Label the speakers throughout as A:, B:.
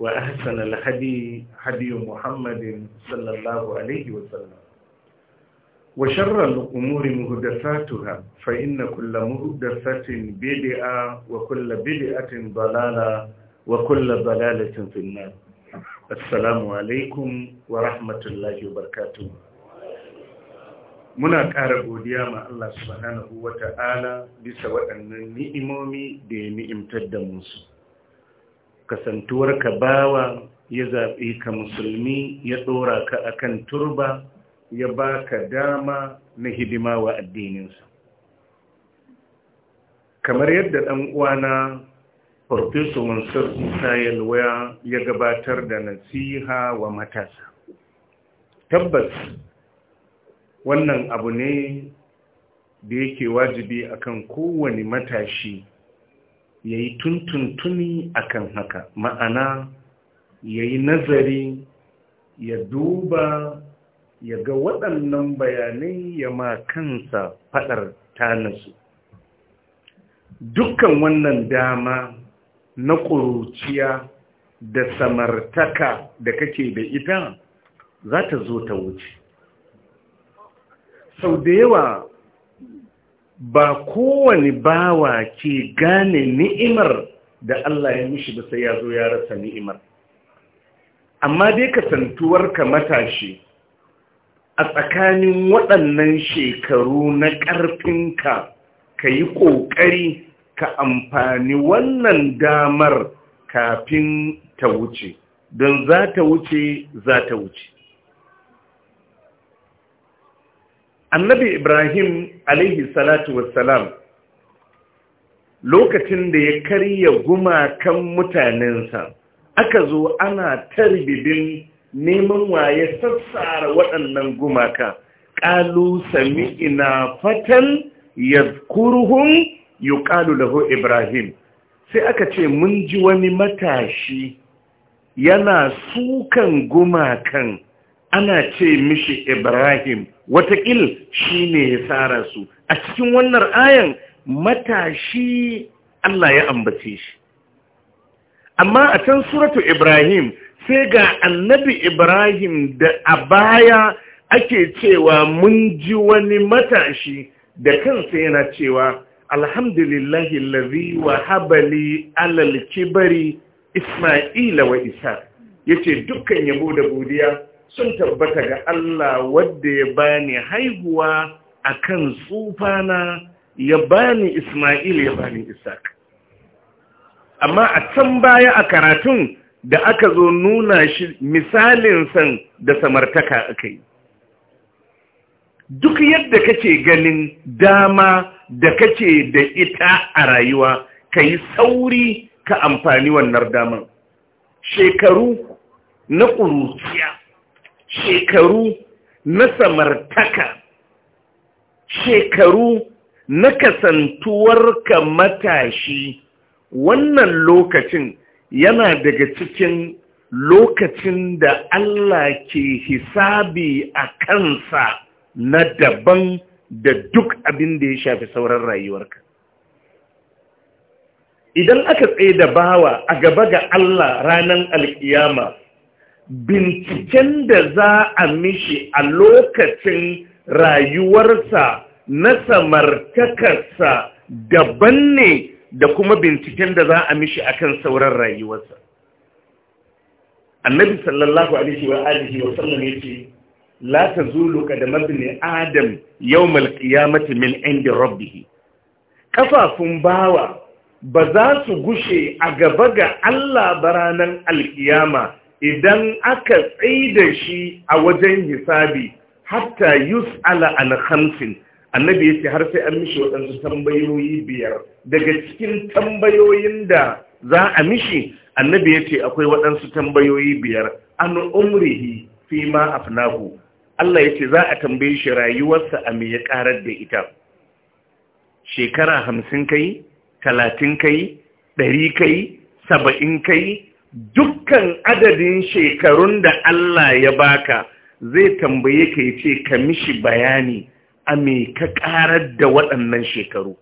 A: وأحسن الهدي هدي محمد صلى الله عليه وسلم وشر الأمور مهدفاتها فإن كل مهدفة بدعة وكل بدعة ضلالة وكل ضلالة في النار السلام عليكم ورحمة الله وبركاته muna ƙara godiya ma Allah subhanahu wa ta'ala bisa waɗannan ni'imomi da ya ni'imtar da musu kasantuwar ka bawa ya zaɓi ka musulmi ya ɗora ka akan turba ya ba ka dama na hidima wa addininsa kamar yadda ɗan uwana farfesa mansur isa waya ya gabatar da nasiha wa matasa tabbas wannan abu ne da yake wajibi akan kowane matashi ya yi tuntuntuni a kan haka ma'ana ya yi nazari ya duba ya ga waɗannan bayanai ya ma kansa faɗar ta nasu. dukkan wannan dama na ƙuruciya da samartaka da kake da ita za ta zo ta wuce sau da yawa ba kowane bawa ke gane ni'imar da Allah ya mishi ba sai ya zo ya rasa ni'imar amma dai kasantuwar ka matashi a tsakanin waɗannan shekaru na ƙarfinka ka yi ƙoƙari ka amfani wannan damar kafin ta wuce don za ta wuce za ta wuce annabi ibrahim alaihi salatu wassalam lokacin da ya karya gumakan mutanensa aka zo ana tarbibin neman waye sassara waɗannan gumaka ƙalu sami ina fatan ya kurhun yi ƙalu da ibrahim sai aka ce mun ji wani matashi yana sukan gumakan ana ce mishi ibrahim watakil shi ne ya tsara su a cikin wannan ayan matashi Allah ya ambace shi amma a can suratu Ibrahim sai ga annabi Ibrahim da a baya ake cewa mun ji wani matashi da kansa yana cewa alhamdulillahi lazi wa habali alal kibari Ismaila wa Isa ya ce dukkan yabo da godiya sun tabbata ga Allah wadda ya bani haihuwa a kan tsufana ya bani Ismail ya bani Isaac amma a can baya a karatun da aka zo nuna shi misalin san da samartaka aka yi duk yadda kace ganin dama da kace da ita a rayuwa ka yi sauri ka amfani wannan damar, shekaru na ƙuruciya shekaru na samartaka shekaru na kasantuwarka matashi wannan lokacin yana daga cikin lokacin da Allah ke hisabi a kansa na daban da duk abin da ya shafi sauran rayuwarka. Idan aka tsaye da bawa a gaba ga Allah ranar alkiyama binciken da za a mishi a lokacin rayuwarsa na samartakarsa daban ne da kuma binciken da za a mishi a kan sauran rayuwarsa annabi sallallahu alaihi wa alihi wa sallam yace la da da adam yau al-qiyamati min indi rabbih kafafun bawa ba za su gushe a gaba ga Allah baranan alkiyama idan aka tsaida shi a wajen hisabi hatta yus'ala al khamsin annabi yace har sai an mishi waɗansu tambayoyi biyar daga cikin tambayoyin da za a mishi annabi yace akwai waɗansu tambayoyi biyar an umrihi fi ma afnahu Allah yace za a tambaye shi rayuwarsa a me ya karar da ita shekara hamsin kai talatin kai ɗari kai saba'in kai dukkan adadin shekarun da Allah ya baka zai tambaye ka ce ka mishi bayani a me ka karar da waɗannan shekaru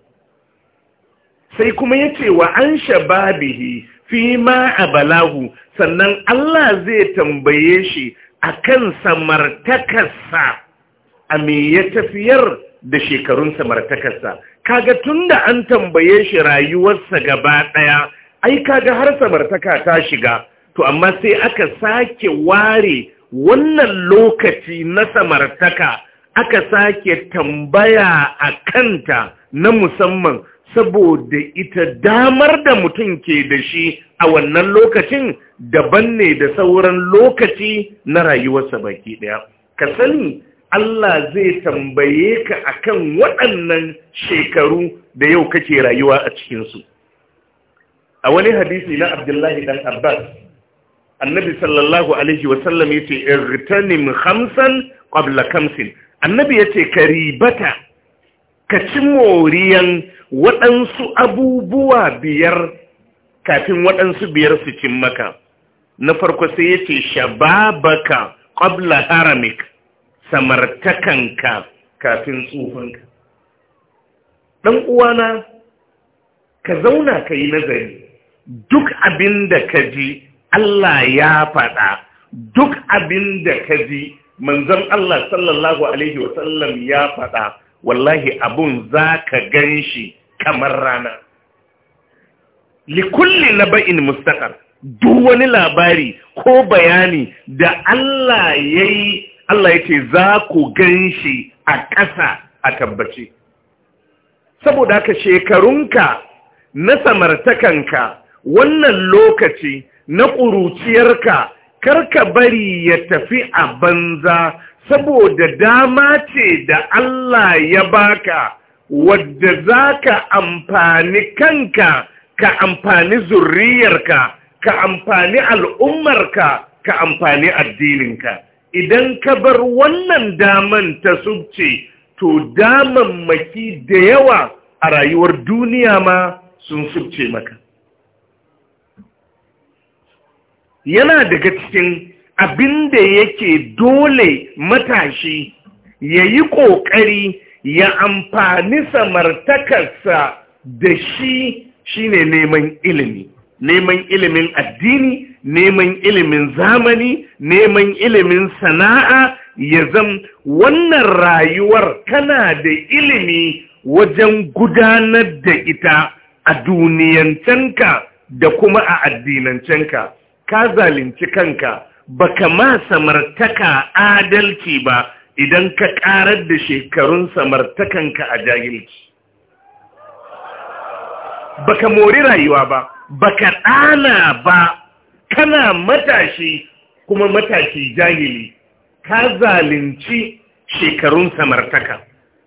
A: sai kuma ya ce wa an shababihi fi ma a balahu sannan Allah zai tambaye shi a kan samartakarsa a me ya tafiyar da shekarun samartakarsa kaga tunda an tambaye shi rayuwarsa gaba ɗaya ai kaga har samartaka ta shiga to amma sai aka sake ware wannan lokaci na samartaka aka sake tambaya a kanta na musamman saboda ita damar da mutum ke da shi a wannan lokacin daban ne da sauran lokaci na rayuwarsa baki ɗaya. ka sani Allah zai tambaye ka akan waɗannan shekaru da yau kake rayuwa a cikinsu a wani hadisi na abdullahi dan abbas annabi sallallahu alaihi wasallam ya ce irtanim hamsan ƙwabla kamsin annabi ya ce ka ribata ka ci moriyan waɗansu abubuwa biyar kafin waɗansu biyar su cin maka na farko sai ya ce shababaka ƙwabla haramik samartakanka kafin tsufanka ɗan uwana ka zauna ka yi nazari duk abin da ka ji Allah ya faɗa duk abin da ka ji manzon Allah sallallahu alaihi wasallam ya faɗa wallahi abun za ka gan shi kamar rana likulli na ba'in mustaƙar duk wani labari ko bayani da Allah ya yi Allah ya ce za ku gan shi a ƙasa a tabbace saboda haka shekarunka na samartakanka wannan lokaci na ƙuruciyarka karka bari ya tafi a banza saboda dama ce da Allah ya baka wadda za ka amfani kanka ka amfani zurriyarka ka amfani al'ummarka ka amfani addininka idan ka bar wannan daman ta subce to daman maki da yawa a rayuwar duniya ma sun subce maka yana daga cikin abin da yake dole matashi ya yi ƙoƙari ya amfani samartakarsa da shi shine neman ilimi neman ilimin addini neman ilimin zamani neman ilimin sana'a ya zam wannan rayuwar kana da ilimi wajen gudanar da ita a duniyancenka da kuma a addinancenka ka zalunci kanka baka ma samartaka adalci ba idan ka karar da shekarun samartakanka a jahilci baka mori rayuwa ba baka ɗana ba kana matashi kuma matashi jahili ka zalunci shekarun samartaka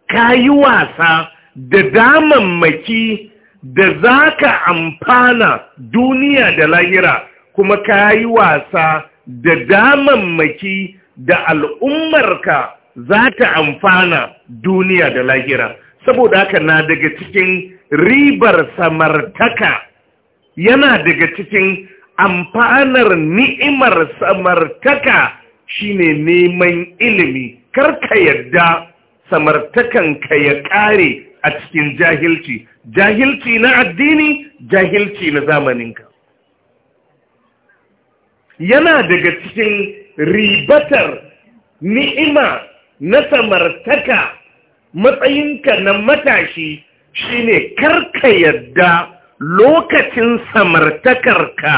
A: ka yi wasa da damammaki da za ka amfana duniya da lahira kuma ka yi wasa da damammaki da al'ummarka za ta amfana duniya da lahira saboda haka na daga cikin ribar samartaka yana daga cikin amfanar ni'imar samartaka shine neman ilimi Kar karka yadda ka ya kare a cikin jahilci jahilci na addini jahilci na zamaninka yana daga cikin ribatar ni'ima na samartaka matsayinka na matashi shine karka yadda lokacin samartakarka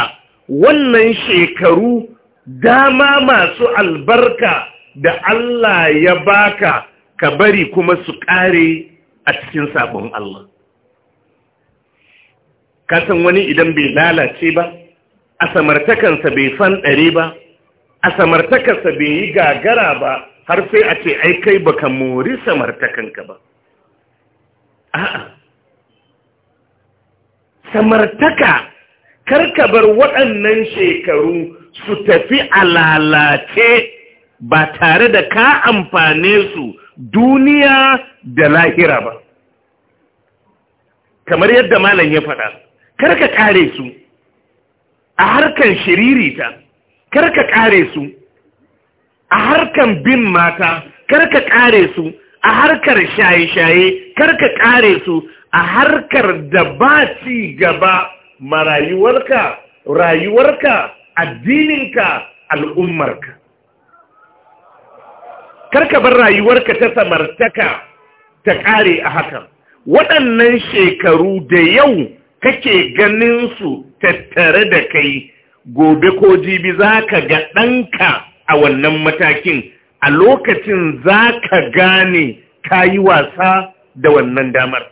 A: wannan shekaru dama masu albarka da Allah ya baka ka bari kuma su ƙare a cikin sabon Allah. Kasan wani idan bai lalace ba, a samartakansa bai san ɗari ba a samartakansa bai yi gagara ba har sai a ce ai kai baka mori samartakanka ba a'a samartaka karka bar waɗannan shekaru su tafi a lalace ba tare da ka amfane su duniya da lahira ba kamar yadda malam ya faɗa karka kare su a harkan shiririta karka kare su a harkan bin mata karka kare su a harkar shaye-shaye karka kare su a harkar da ba ci gaba ma rayuwarka rayuwarka addininka al'ummarka karka bar rayuwarka ta samartaka ta kare a hakan waɗannan shekaru da yau kake ganin su tattare da kai gobe ko jibi za ka ga ɗanka a wannan matakin a lokacin za ka gane ka yi wasa da wannan damar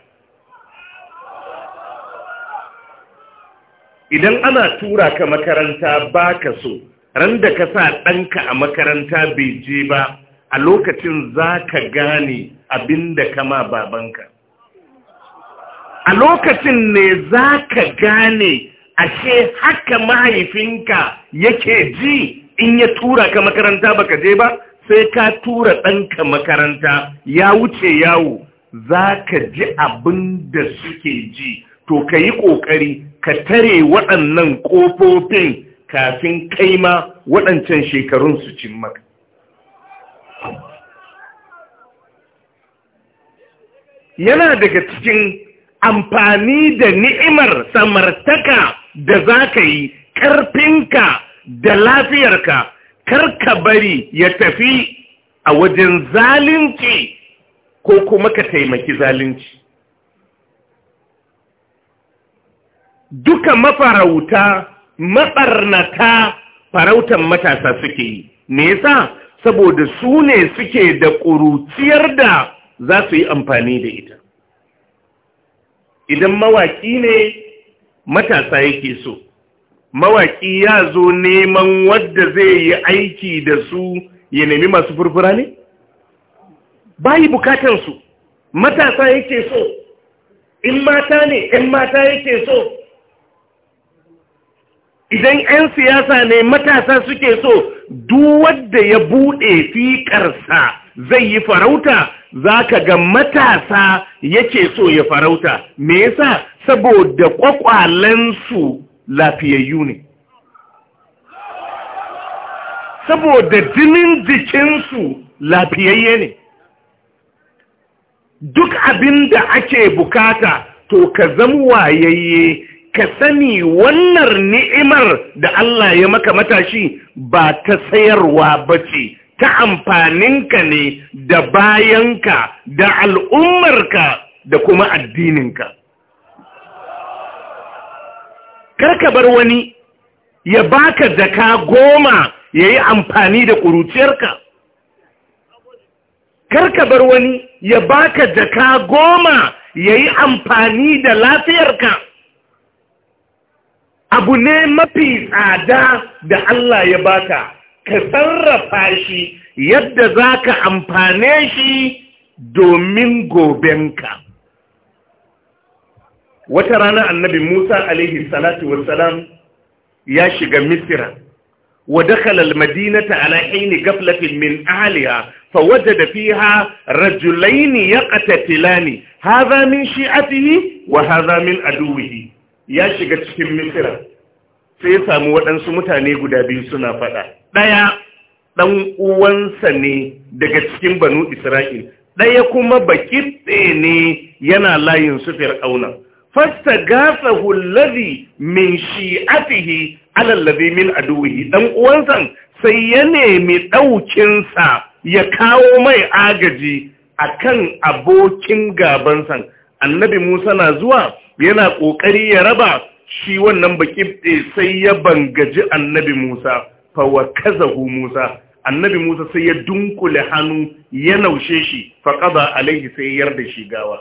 A: idan ana tura ka makaranta ba ka so ran da ka sa ɗanka a makaranta bai je ba a lokacin za ka gane abin da kama babanka a lokacin ne za ka gane ashe haka mahaifinka yake ji in ya tura ka makaranta baka je ba sai ka tura ɗanka makaranta ya wuce yawo za ka ji abin da suke ji to ka yi ƙoƙari ka tare waɗannan ƙofofin kafin kaima waɗancan shekarun su cin maka yana daga cikin amfani da ni'imar samartaka da za ka yi ƙarfinka da lafiyarka karka bari ya tafi a wajen zalunci ko kuma ka taimaki zalunci duka mafarauta maɓarnata farautan matasa suke yi me yasa saboda su ne suke da ƙuruciyar da za su yi amfani da ita idan mawaki ne matasa yake so mawaki ya zo neman wadda zai yi aiki da su ya nemi masu furfura ne bayi bukatansu matasa yake so in mata ne ‘yan mata yake so idan ‘yan siyasa ne matasa suke so duk wadda ya buɗe fiƙarsa zai yi farauta za ka ga matasa yake so ya farauta me yasa saboda kwakwalensu lafiyayyu ne saboda jinin jikinsu lafiyayye ne duk abin da ake bukata to ka zama wayayye ka sani wannan ni'imar da Allah ya maka matashi ba ta sayarwa ba ce ta amfaninka ne da bayanka da al'ummarka da kuma addininka karka bar wani ya baka jaka goma ya yi amfani da ƙuruciyarka karka bar wani ya baka jaka goma ya yi amfani da lafiyarka abu ne mafi tsada da Allah ya baka ka sarrafa shi yadda za ka amfane shi domin gobenka. Wata rana annabi Musa alaihi salatu wassalam ya shiga Misira, wa dakhala al-madinata ala haini gaflatin min aliya fa wajada fiha rajulaini yaqtatilani hadha min shi'atihi wa hadha min aduwihi ya shiga cikin Misira. sai ya samu waɗansu mutane guda biyu suna faɗa ɗaya ɗan uwansa ne daga cikin banu isra'il ɗaya kuma bakitse ne yana layin su fir'auna fasta gasa hulladi min shi'atihi alallabi min aduwihi ɗan uwansa sai ya nemi ɗaukinsa ya kawo mai agaji a kan abokin gabansa annabi musa na zuwa yana ƙoƙari ya raba shi wannan baƙibɗe eh, sai ya bangaji annabi Musa fawa kazahu Musa annabi Musa sai ya dunkule hannu ya naushe shi faƙaba alaihi sai ya yarda shi gawa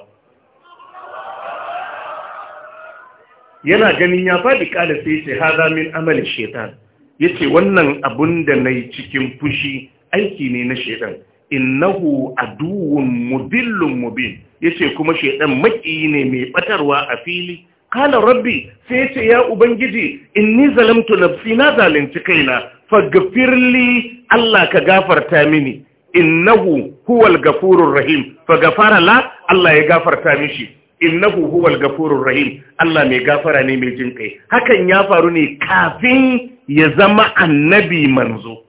A: yana ganin ya faɗi kala sai ce hada min amalin shetan ya wannan abun da nayi cikin fushi aiki ne na shaitan innahu aduwun mudillun mubin ya kuma shaitan maƙi ne mai ɓatarwa a fili kala rabbi sai ya ce ya ubangiji inni zalamtu nafsi na zalunci kaina faghfirli Allah ka gafarta mini innahu huwal gafurur rahim faghfara la Allah ya gafarta mishi innahu huwal gafurur rahim Allah mai gafara ne mai jin kai hakan ya faru ne kafin ya zama annabi manzo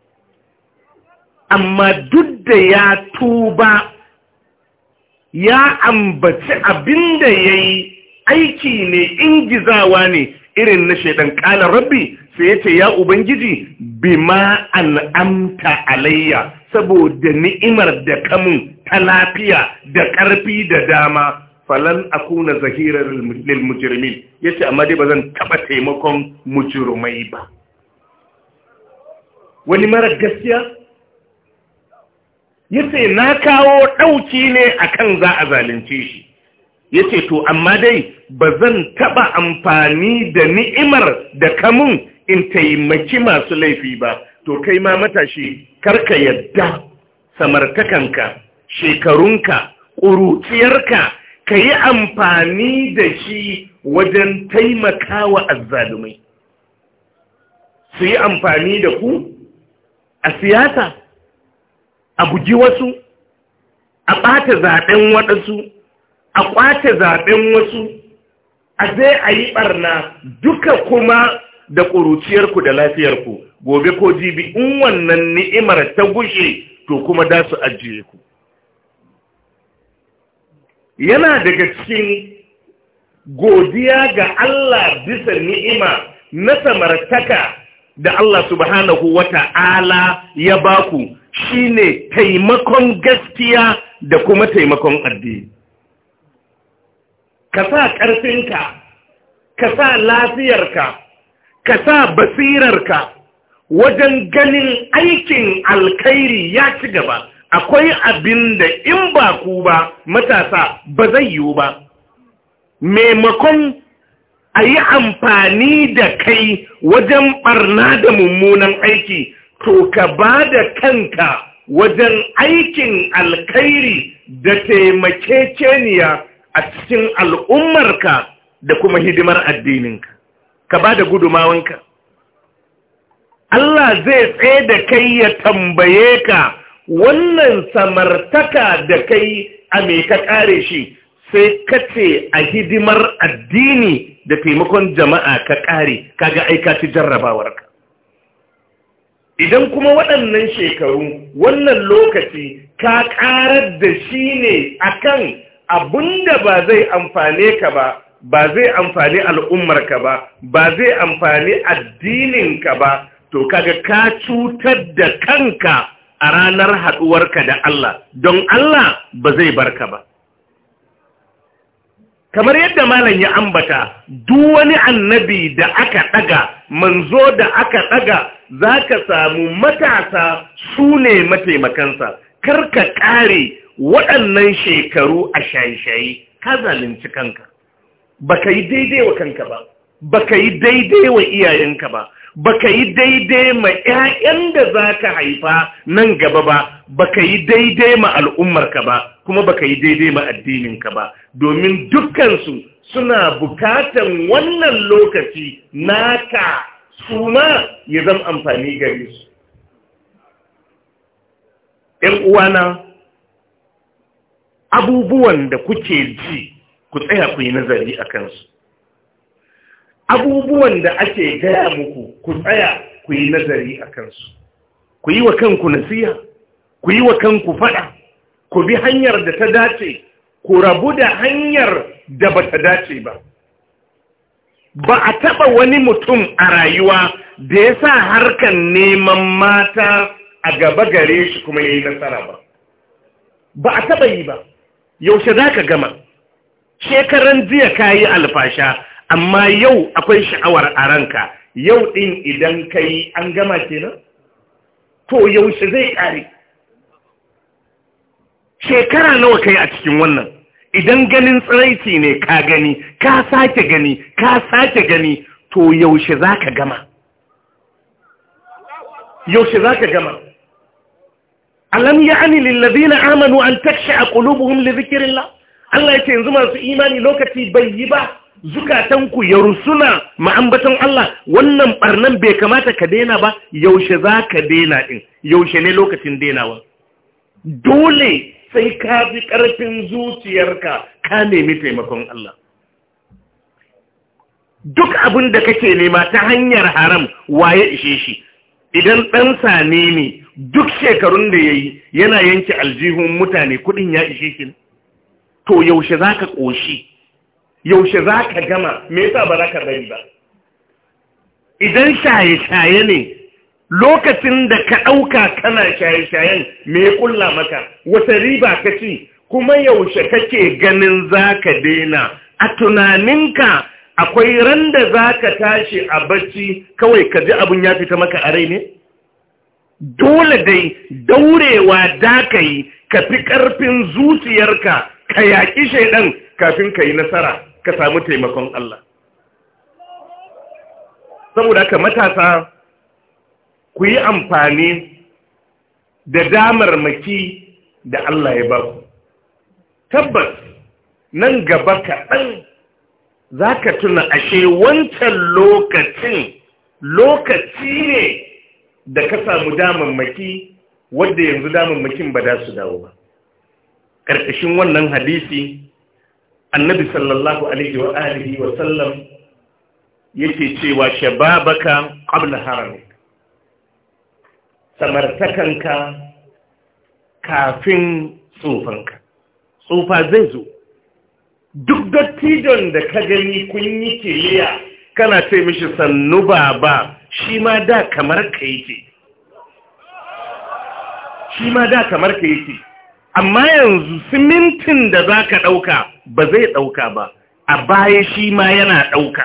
A: amma duk da ya tuba ya ambaci abinda yayi aiki ne ingizawa ne irin na shaidan kala rabbi sai ya ce ya ubangiji bima al'amta alayya saboda ni'imar da kamun ta lafiya da ƙarfi da dama falan akuna zahirar lil mujrimin yace amma dai bazan taba taimakon mujrimai ba wani mara gaskiya yace na kawo ɗauki ne akan za a zalunce shi ya ce to amma dai ba zan taɓa amfani da ni'imar da kamun in taimaki masu laifi ba to kai ma matashi karka yadda samartakanka shekarunka ƙuruciyarka ka yi amfani da shi wajen taimakawa azzalumai su yi amfani da ku a siyasa a guji wasu a ɓata zaɓen waɗansu a kwace zaben wasu a zai a yi barna duka kuma da ƙuruciyarku da lafiyarku gobe ko jibi in wannan ni'imar ta gushe to kuma da su ajiye ku yana daga cikin godiya ga Allah bisa ni'ima na samartaka da Allah subhanahu ta'ala ya baku shine taimakon gaskiya da kuma taimakon addini ka sa ƙarfinka ka sa lafiyarka ka sa basirarka wajen ganin aikin alkhairi ya ci gaba akwai abin da in ba ku ba matasa ba zai yiwu ba maimakon a yi amfani da kai wajen ɓarna da mummunan aiki to ka ba da kanka wajen aikin alkhairi da taimakeceniya a cikin al'ummarka da kuma hidimar addininka ka ba da gudumawanka Allah zai tsaye da kai ya tambaye ka wannan samartaka da kai a me ka kare shi sai ka ce a hidimar addini da taimakon jama'a ka kare kaga aika ci jarrabawarka idan kuma waɗannan shekaru wannan lokaci ka ƙarar da shi ne akan abinda ba zai amfane ka ba ba zai amfani al'ummarka ba ba zai amfani addininka ba to kaga ka cutar da kanka a ranar haɗuwarka da Allah don Allah ba zai barka ba kamar yadda malam ya ambata duk wani annabi da aka ɗaga manzo da aka ɗaga za ka samu matasa su ne mataimakansa karka ƙare waɗannan shekaru a shayi-shayi ka zalunci kanka ba ka yi daidai wa kanka ba ba yi daidai wa iyayenka ba ba yi daidai ma 'ya'yan da za ka haifa nan gaba ba ba yi daidai ma al'ummarka ba kuma ba yi daidai ma addininka ba domin dukkansu suna bukatan wannan lokaci naka suna ya zama amfani gare su. ‘Yan uwana abubuwan da kuke ji ku tsaya ku yi nazari a kansu abubuwan da ake gaya muku ku tsaya ku yi nazari a kansu ku yi wa kanku nasiya ku yi wa kanku fada ku bi hanyar da ta dace ku rabu da hanyar da ba ta dace ba ba a taɓa wani mutum a rayuwa da ya sa harkar neman mata a gaba gare shi kuma ya yi nasara ba ba a taɓa yi ba yaushe za ka gama shekaran jiya ka yi alfasha amma yau akwai sha'awar a ranka yau ɗin idan ka yi an gama kenan to yaushe zai ƙare shekara nawa ka yi a cikin wannan idan ganin tsiraiti ne ka gani ka sake gani ka sake gani to yaushe za ka gama yaushe za ka gama alam ya'ni lil na amanu an taksha a zikirin dhikrillah Allah yace yanzu masu imani lokaci bai yi ba zukatanku ya rusuna ma'ambatan Allah wannan ɓarnan bai kamata ka daina ba yaushe za ka daina ɗin? yaushe ne lokacin dainawa dole sai ka fi ƙarfin zuciyarka ka nemi taimakon Allah duk abin da kake nema ta hanyar haram waye ishe shi idan ɗan sane ne duk shekarun da ya yi yana yanke aljihun mutane kudin ya ishe shi to yaushe za ka ƙoshi yaushe za ka gama me yasa ba za ka bari ba idan shaye-shaye ne lokacin da ka ɗauka kana shaye-shayen me ƙulla maka wata riba ka ci kuma yaushe kake ganin za ka daina a tunaninka akwai randa da za ka tashi a bacci kawai ka ji abin ya fita maka a rai ne? dole dai daurewa da ka yi ka fi ƙarfin zuciyarka ka yaƙi shaidan kafin ka yi nasara ka samu taimakon Allah saboda ka matasa ku yi amfani da damar maki da Allah ya ba ku tabbas nan gaba kaɗan za ka tuna ashe wancan lokacin lokaci ne da ka samu damammaki wadda yanzu damammakin ba za su dawo ba ƙarƙashin wannan hadisi annabi sallallahu alaihi wa alihi wa sallam yake cewa shababaka qabla haramik samartakanka kafin tsofanka. Tsofa zai zo duk dattijon da ka gani kun yi kiriya kana ce mishi sannu ba ba. shi ma da kamar ka yake shi ma da kamar ka yake amma yanzu simintin da za ka ɗauka ba zai ɗauka ba a baya shi ma yana ɗauka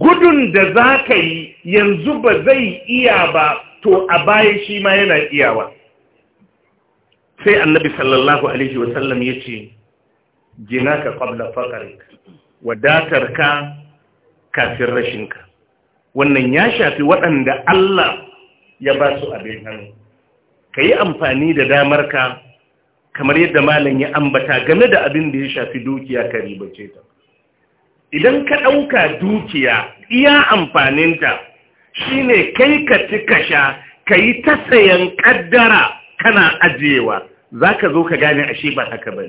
A: gudun da za ka yi yanzu ba zai iya ba to a baya shi ma yana iyawa sai annabi sallallahu alaihi wasallam ya ce jinaka qabla wadatar ka kafin rashinka wannan ya shafi waɗanda Allah ya ba su abin hannu ka yi amfani da damar ka kamar yadda malam ya ambata game da abin da ya shafi dukiya ka ribace ta idan ka ɗauka dukiya iya amfaninta
B: shine
A: kai ka ci kasha ka yi ta sayan ƙaddara kana ajiyewa za ka zo ka gane ashe ba haka ba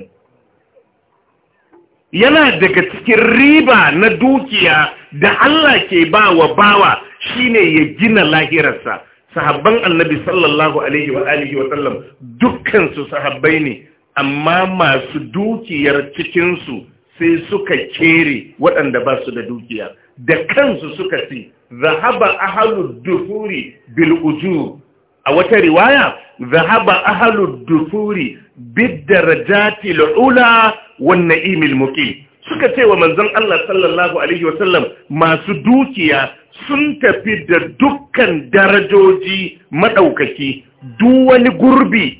A: yana daga cikin riba na dukiya da Allah ke ba wa bawa shine ya gina lahirarsa sahabban annabi sallallahu alaihi wa alihi wa sallam dukkan su sahabbai ne amma masu dukiyar cikin su sai suka kere waɗanda ba su da dukiya da kansu suka ci zahaba ahlud duhuri bil ujur a wata riwaya zahaba ahlud dufuri bid darajati alula wan na'imil muqim suka ce wa manzon Allah sallallahu alaihi wasallam masu dukiya sun tafi da dukkan darajoji maɗaukaki duk wani gurbi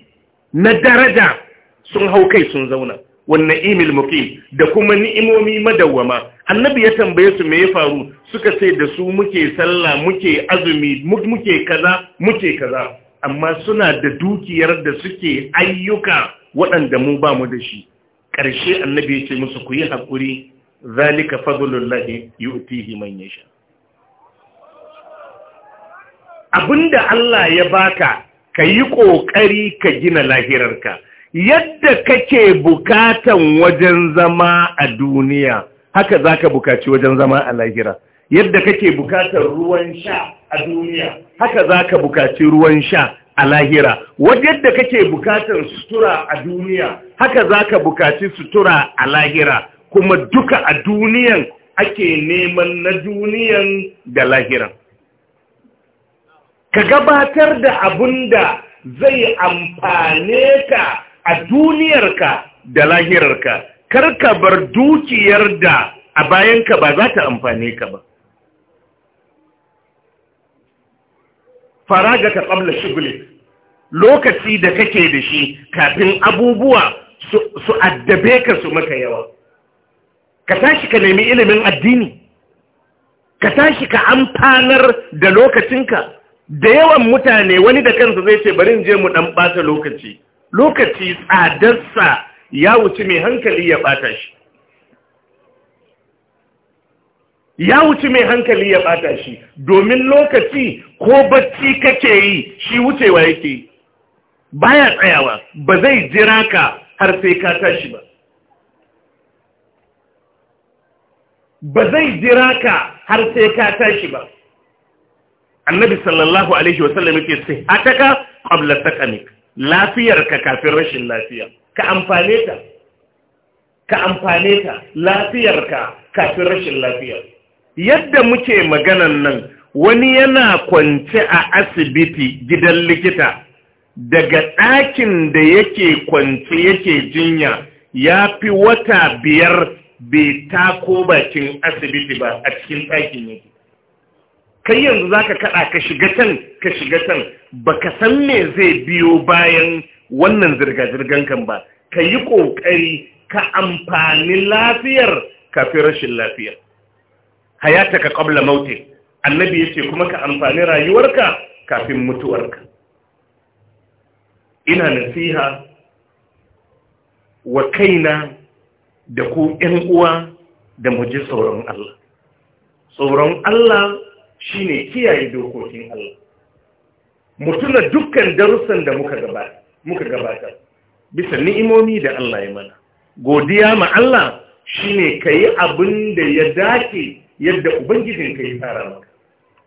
A: na daraja sun hau kai sun zauna wannan imil muqim da kuma ni'imomi madawwama annabi ya tambaye su me ya faru suka ce da su muke sallah muke azumi muke kaza muke kaza amma suna da dukiyar da suke ayyuka waɗanda mu ba mu da shi ƙarshe annabi ya ce musu ku yi haƙuri zalika yi yu'tihi man sha. abinda Allah ya baka ka yi ƙoƙari ka gina lahirarka yadda kake bukatan wajen zama a duniya haka zaka bukaci wajen zama a lahira yadda kake bukatan ruwan sha a duniya haka zaka bukaci ruwan sha a lahira wadda kake bukatar sutura a duniya haka za ka bukaci sutura a lahira kuma duka a duniyan ake neman na duniyan da lahira ka gabatar da abun da zai amfane ka a duniyarka da lahirarka kar ka bar dukiyar da a bayanka ba za ta amfane ka ba Fara ka tsabla shughlik lokaci da kake da shi kafin abubuwa su addabe ka su maka yawa ka tashi ka nemi ilimin addini ka tashi ka amfanar da lokacinka da yawan mutane wani da kansa zai ce bari je mu dan bata lokaci lokaci tsadarsa ya wuce mai hankali ya ɓata shi ya wuce mai hankali ya bata shi domin lokaci ko bacci kake yi shi wucewa yake yi baya tsayawa ba zai jira ka har sai ka tashi ba ba zai jira ka har sai ka tashi ba annabi sallallahu alaihi wasallam yake sai ataka qabla saqamik lafiyar ka kafin rashin lafiya ka amfane ta ka amfane ta lafiyar ka kafin rashin lafiya yadda muke maganan nan wani yana kwance a asibiti gidan likita daga ɗakin da yake kwance yake jinya ya fi wata biyar bai tako bakin asibiti ba a cikin ɗakin yake kai yanzu za ka kaɗa ka shiga can ka shiga can ba ka san me zai biyo bayan wannan zirga-zirgan kan ba ka yi ƙoƙari ka amfani lafiyar kafin rashin lafiyar hayataka qabla mautik annabi yace kuma ka amfani rayuwarka kafin mutuwarka ina nasiha wa kaina da ku ƴan uwa da mu ji tsoron Allah tsoron Allah shine kiyaye dokokin Allah mutuna dukkan darussan da muka gabata muka gabata bisa ni'imomi da Allah ya mana godiya ma Allah shine kayi abin da ya dace yadda ubangijin ka yi tsara maka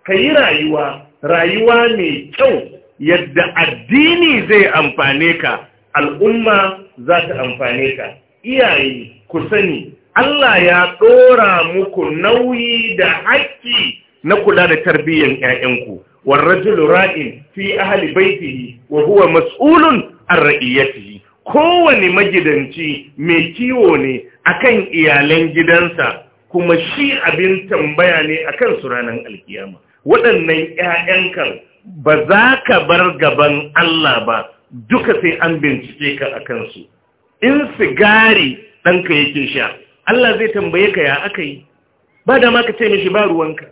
A: ka yi rayuwa rayuwa mai kyau yadda addini zai amfane ka al'umma za ta amfane ka iyaye ku sani Allah ya ɗora muku nauyi da haƙƙi na kula da tarbiyyar 'ya'yanku warrajul ra'in fi ahli baitihi wa huwa mas'ulun an ra'iyatihi kowane magidanci mai kiwo ne akan iyalan gidansa kuma shi abin tambaya ne a kan su ranar alkiyama waɗannan ‘ya'yankan ba za ka bar gaban Allah ba duka sai an bincike ka a kansu in sigari ɗanka yake sha Allah zai tambaye ka ya aka yi ba da ka ce mishi ba ruwanka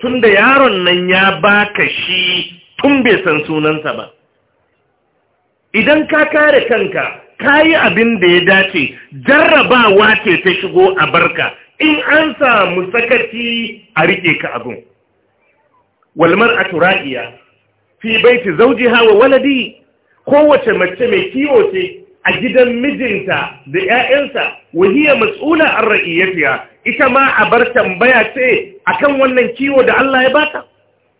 A: tun da yaron nan ya baka shi tun bai san sunansa ba idan ka kare kanka ka yi abin da ya dace jarrabawa ce ta shigo a barka in an samu sakaci a rike ka abun walmar a tura'iya fi baiti zauji hawa waladi kowace mace mai kiwo ce a gidan mijinta da 'ya'yansa wahiyar mas'ula an ra'iyyatiya ita ma a bar tambaya ce akan wannan kiwo da Allah ya bata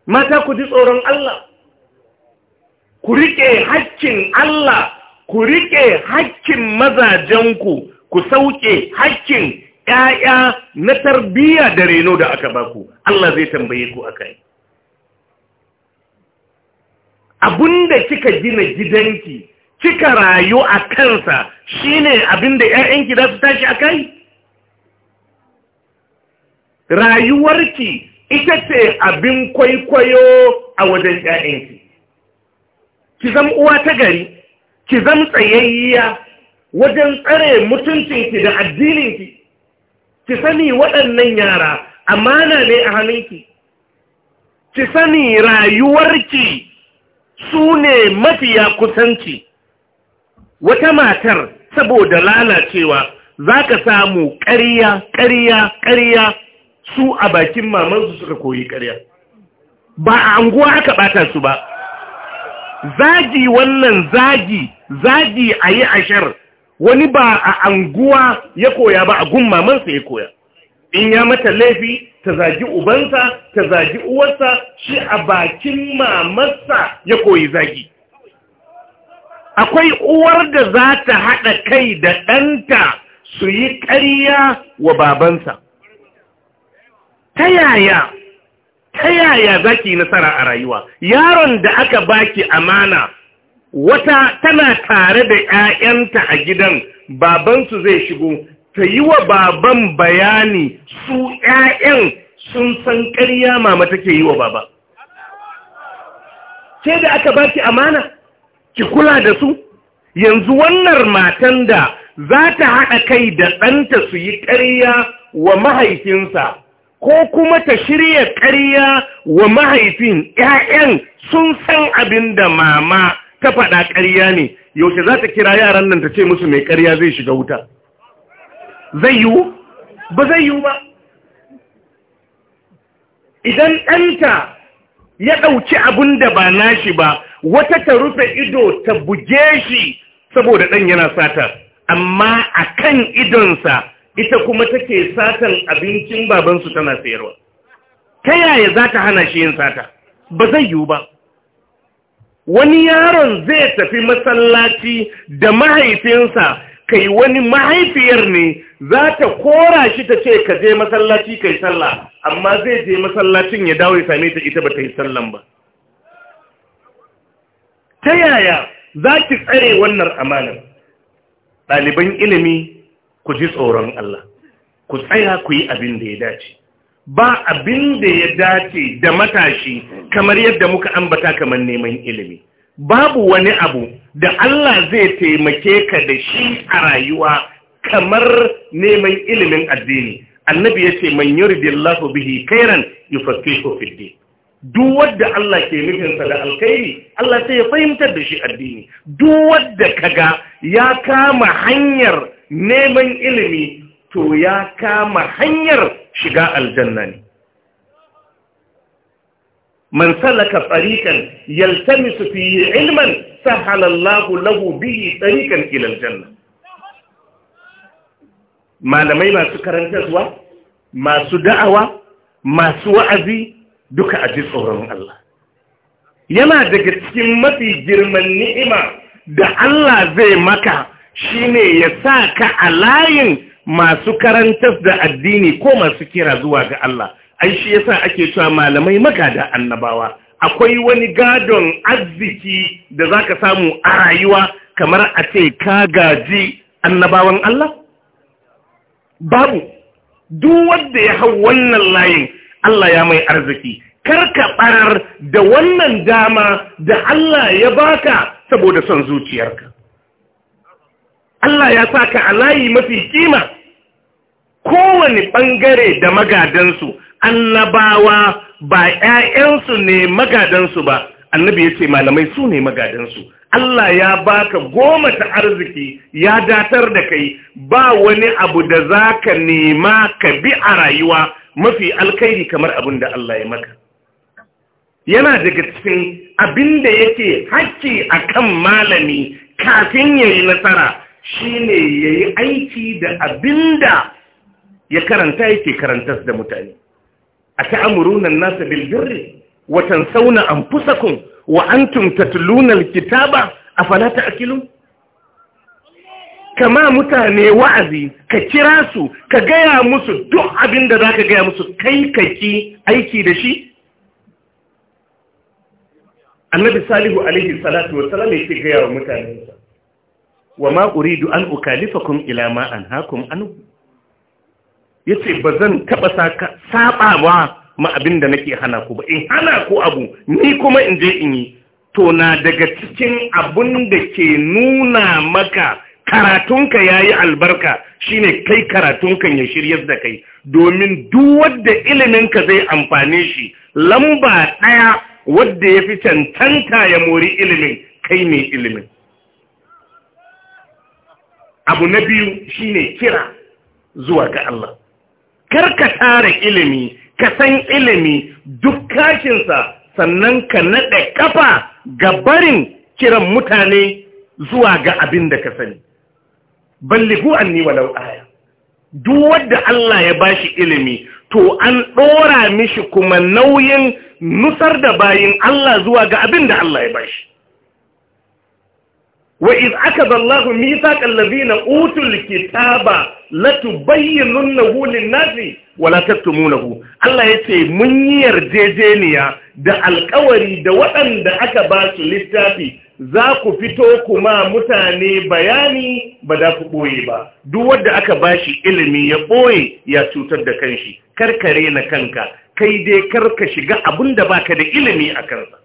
A: mata ku ji tsoron Allah ku riƙe haƙƙin Allah ku riƙe haƙƙin mazajenku ku sauke haƙƙin ƴaƴa na tarbiyya da reno da aka baku Allah zai tambaye ku a kai. abinda kika gina gidanki kika rayu a kansa shine abinda ƴaƴanki za su tashi a kai rayuwarki ita ce abin kwaikwayo a wajen 'ya'yanki? ki zama uwa ta gari ki zama tsayayya wajen tsare mutuncinki da addininki ki sani waɗannan yara amana ne a hannunki ki sani rayuwarki su ne mafiya kusanci wata matar saboda lalacewa za ka samu ƙariya ƙariya ƙarya su a bakin mamansu suka koyi ƙarya ba a anguwa aka ɓata su ba zagi wannan zagi zagi a yi ashar wani ba a anguwa ya koya ba a gun mamansa ya koya in ya mata laifi ta zagi ubansa ta zagi uwarsa shi a bakin mamarsa ya koyi zagi akwai uwar da za ta haɗa kai da ɗanta su yi ƙarya wa babansa ta yaya ta yaya za ki nasara a rayuwa yaron da aka baki amana wata tana tare da 'ya'yanta a gidan babansu zai shigo ta yi wa baban bayani su 'ya'yan sun san ƙarya mama take yi wa baba Ke da aka baki amana ki kula da su yanzu wannan matan da za ta haɗa kai da ɗanta su yi ƙarya wa mahaifinsa ko kuma ta shirya ƙarya wa mahaifin ‘ya'yan sun san abin da mama ta faɗa ƙarya ne yaushe za ta kira yaran nan ta ce musu mai ƙarya zai shiga wuta zai yiwu ba zai yiwu ba idan ɗanta ya ɗauki abin da ba nashi ba wata ta rufe ido ta buge shi saboda ɗan yana sata amma a kan idonsa ita kuma take satan abincin babansu tana sayarwa ta yaya za ta hana shi yin sata ba zai yiwu ba wani yaron zai tafi masallaci da mahaifinsa kai wani mahaifiyar ne za ta kora shi ta ce ka je masallaci kai sallah amma zai je masallacin ya dawo ya same ta ita ba ta yi sallan ba ta yaya za ki tsare wannan amanar ɗaliban ilimi ku ji tsoron Allah ku tsaya ku yi abin da ya dace ba abin da ya dace da matashi kamar yadda muka ambata kamar neman ilimi babu wani abu da Allah zai taimake ka da shi a rayuwa kamar neman ilimin addini annabi ya ce man yuridillahu bihi khairan yufaqihu fid din duk wadda Allah ke nufinsa da alkhairi Allah sai ya fahimtar da shi addini duk wadda kaga ya kama hanyar neman ilimi to ya kama hanyar shiga aljanna ne man salaka tsarikan yaltamisu fiye ilman sahalallahu lahu bihi tsarikan ilal janna malamai masu karantarwa masu da'awa masu wa'azi duka a ji tsoron Allah yana daga cikin mafi girman ni'ima da Allah zai maka shine ya sa ka a layin masu karantar da addini ko masu kira zuwa ga Allah ai shi yasa ake cewa malamai magada annabawa akwai wani gadon arziki da zaka samu a rayuwa kamar a ce ka gaji annabawan Allah babu duk wanda ya hau wannan layin Allah ya mai arziki kar ka ɓarar da wannan dama da Allah ya baka saboda son zuciyarka Allah ya saka a layi mafi kima kowane ɓangare da magadansu annabawa ba 'ya'yansu ne magadansu ba annabi ya ce malamai su ne magadansu Allah ya baka goma ta arziki ya datar da kai ba wani abu da za ka nema ka bi a rayuwa mafi alkairi kamar abin da Allah ya maka yana daga cikin abin da yake hakki a kan malami kafin ya yi nasara shi ne ya yi aiki da abin da ya karanta yake karantas da mutane a ta ta'amuruna nasa bil watan wa an anfusakum wa Kitaba a Falata a ta'qilun kama mutane wa'azi ka kira su ka gaya musu duk abin da za ka gaya musu kai kaki aiki da shi annabi salihu alaihi salatu ya ke gaya wa mutane wa ma uridu an ukalifakum ila ma hakun anhu Ya ce ba zan taɓa saɓa ba ma abin da nake hana ku ba in hana ku abu ni kuma in je in yi to na daga cikin abun da ke nuna maka karatunka ya yi albarka shine kai karatunkan ya shiryar da kai domin duk wadda iliminka zai amfane shi lamba ɗaya wadda ya fi cancanta ya mori ilimin kai ne ilimin abu na biyu shine kira zuwa ga Allah kar ka tara ilimi ka san ilimi duk kashinsa sannan ka naɗe ƙafa ga barin kiran mutane zuwa ga abin da ka sani ballihu anni walau aya duk wanda Allah ya bashi ilimi to an ɗora mishi kuma nauyin nusar da bayin Allah zuwa ga abin da Allah ya bashi wa iz akada Allahu mithaqal ladina utul kitaba latubayyinunahu lin-nasi wala taktumunahu Allah yace mun yi yarjejeniya da alƙawari da waɗanda aka ba su littafi za ku fito kuma mutane bayani ba da ku boye ba duk wanda aka ba shi ilimi ya boye ya cutar da kanshi karkare na kanka kai dai karka shiga abinda baka da ilimi a kansa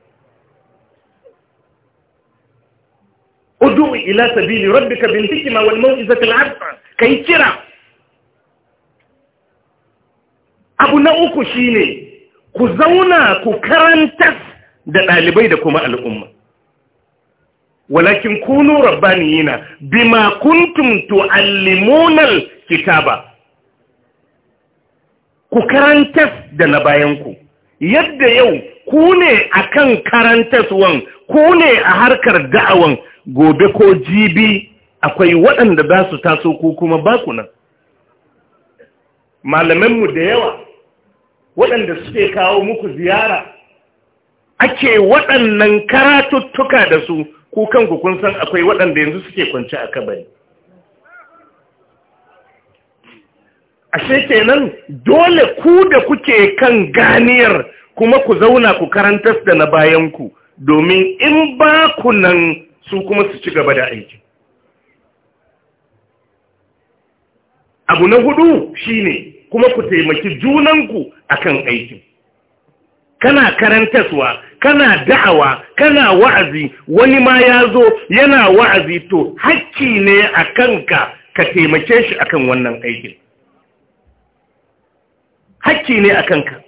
A: udu ila sabili rabbika ma wani wal mau'izati al ka yi kira abu na uku shine ku zauna ku karanta da ɗalibai da kuma al'umma walakin kunu rabbaniyina bima kuntum tuallimunal kitaba ku karanta da na bayanku yadda yau ku ne a kan karantaswan ku ne a harkar da'awan gobe ko jibi akwai waɗanda za su taso ku kuma bakunan malamanmu da yawa waɗanda suke kawo muku ziyara ake waɗannan karatuttuka da su ku kanku kun san akwai waɗanda yanzu suke kwanci a kabari ashe kenan dole ku da kuke kan ganiyar kuma ku zauna ku karantar da na bayanku domin in ba ku nan su kuma su ci gaba da aiki abu na hudu shine kuma ku taimaki junanku akan aikin kana karantaswa kana da'awa kana wa'azi wani ma ya zo yana wa'azi to hakki ne a kanka ka taimake shi akan wannan aikin hakki ne a kanka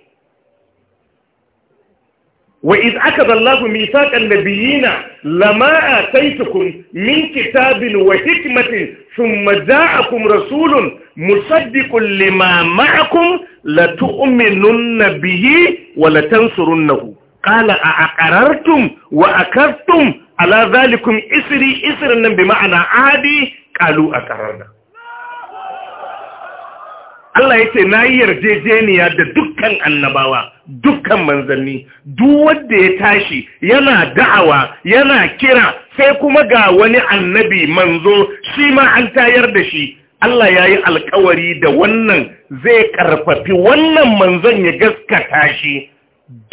A: وإذ أخذ الله ميثاق النبيين لما آتيتكم من كتاب وحكمة ثم جاءكم رسول مصدق لما معكم لتؤمنن به ولتنصرنه قال أأقررتم وأكرتم على ذلكم إسري إسرا بمعنى عادي قالوا أكررنا Allah ya ce na yi yarjejeniya da dukkan annabawa dukkan manzanni duk wanda ya tashi yana da'awa yana kira sai kuma ga wani annabi manzo shi ma an tayar da shi Allah ya yi alkawari da wannan zai karfafi wannan manzon ya gaskata shi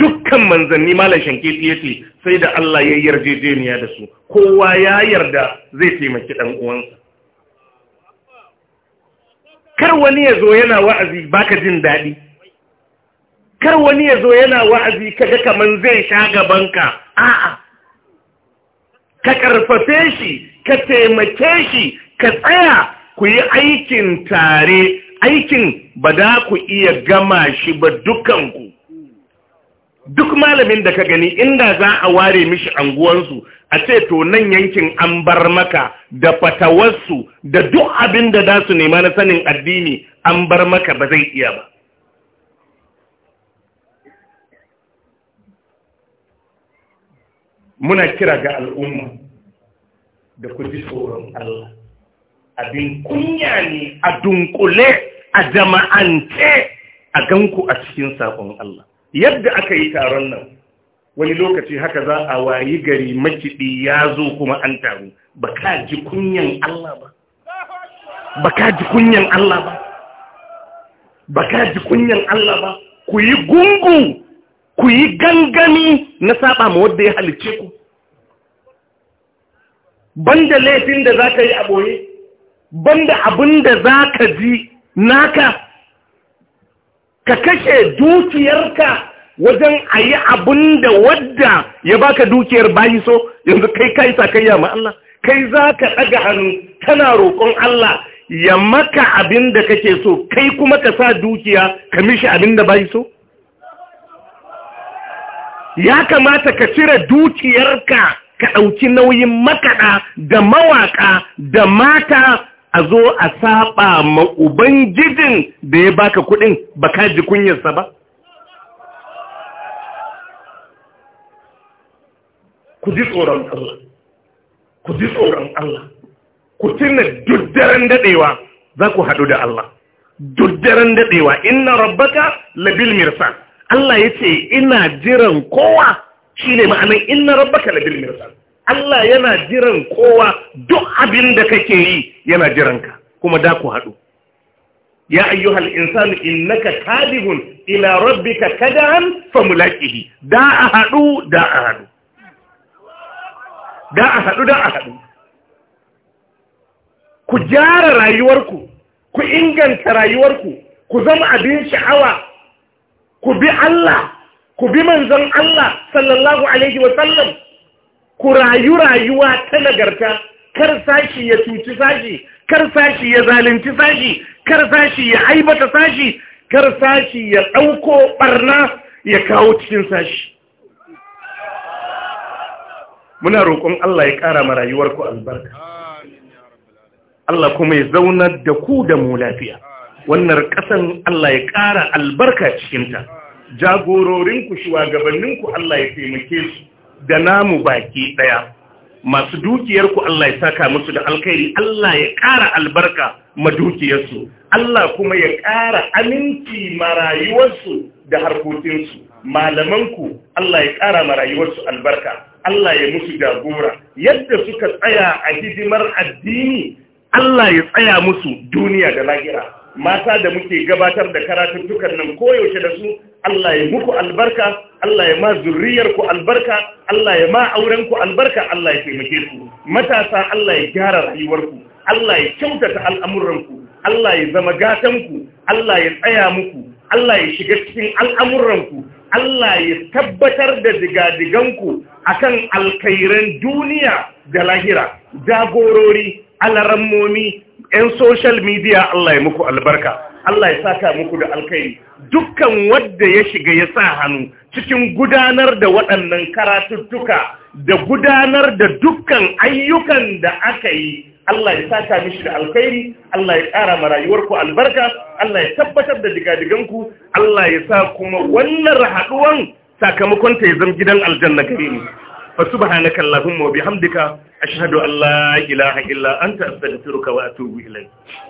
A: dukkan manzanni malam shankiti ya ce sai da Allah ya yi yarjejeniya da su kowa ya yarda zai taimaki ɗan uwansa kar wani ya zo yana wa'azi baka jin daɗi kar wani ya zo yana wa'azi ka ga kaman zai sha gabanka a'a ka ƙarfafe shi ka taimake shi ka tsaya ku yi aikin tare aikin ba da ku iya gama shi ba dukanku duk malamin da ka gani inda za a ware mishi anguwansu a ce to nan yankin an bar maka da fatawarsu da duk abin da za su nema na sanin addini an bar maka ba zai iya ba muna kira ga al'umma da ku ji tsoron Allah abin kunya ne a dunkule a jama'ance a ganku a cikin saƙon Allah yadda aka yi taron nan wani lokaci haka za a wayi gari makiɗi ya zo kuma an taru ba ka ji kunyan Allah ba ba ka ji kunyan Allah ba ka ji kunyan Allah ku yi gungu ku yi gangami na saba ma wadda ya halice ku banda laifin da za ka yi aboye banda abin da za ka ji naka ka kashe dukiyarka wajen a yi abin da wadda ya baka dukiyar bayi so yanzu kai kai sakayya ma Allah kai za ka ɗaga hannu tana roƙon Allah ya maka abin da kake so kai kuma ka sa dukiya ka mishi abin da bayi so ya kamata ka cire dukiyarka ka ɗauki nauyin makaɗa da mawaƙa da mata a zo a saba ma ubangijin da ya baka kuɗin ba ka ji kunyarsa ba ku ji tsoron Allah ku ji tsoron Allah ku tuna duddaren dadewa za ku haɗu da Allah duddaren dadewa inna rabbaka labil mirsal Allah yace ina jiran kowa shine ma'anar inna rabbaka labil mirsal Allah yana jiran kowa duk abin da kake yi yana jiranka kuma da ku haɗu ya ayyuhal insanu innaka kadihun ila rabbika kadan famulaqihi da a haɗu da a haɗu da a haɗu da a haɗu ku gyara rayuwarku ku inganta rayuwarku ku zama abin sha'awa ku bi Allah ku bi manzon Allah sallallahu alaihi wa sallam, ku rayu rayuwa ta nagarta kar sashi ya cuci sashi kar sashi ya zalunci sashi kar sashi ya aibata sashi kar sashi ya ɗauko ɓarna ya kawo cikin sashi muna roƙon Allah ya ƙara ma rayuwarku albarka Allah kuma ya zauna da ku da mu lafiya wannan ƙasan Allah ya ƙara albarka cikinta jagororinku shugabanninku Allah ya taimake su da namu baki ɗaya masu dukiyarku Allah ya saka musu da alkhairi Allah ya ƙara albarka ma su. Allah kuma ya ƙara aminci marayuwarsu da harkokinsu malamanku Allah ya ƙara marayuwarsu albarka Allah ya musu jagora yadda suka tsaya a hidimar addini Allah ya tsaya musu duniya da lahira mata da muke gabatar da karatuttukan nan koyaushe da su Allah ya muku albarka Allah ya ma zuriyar ku albarka Allah ya ma auren ku albarka Allah ya taimake ku matasa Allah ya gyara rayuwar ku Allah ya kyautata al'amuran ku Allah ya zama gatan ku Allah ya tsaya muku Allah ya shiga cikin al'amuran ku Allah ya tabbatar da a akan alkairan duniya da lahira jagorori alarammomi 'yan social media Allah ya muku albarka Allah ya saka muku da alkairi dukkan wadda ya shiga ya sa hannu cikin gudanar da waɗannan karatuttuka da gudanar da dukkan ayyukan da aka yi Allah ya saka mishi da alkhairi Allah ya ƙara ma rayuwarku albarka Allah ya tabbatar da digadiganku Allah ya sa kuma wannan haɗuwan sakamakon ta ya gidan aljanna gare ni fa subhanaka allahumma wa bihamdika ashhadu an la ilaha illa anta astaghfiruka wa atubu ilayk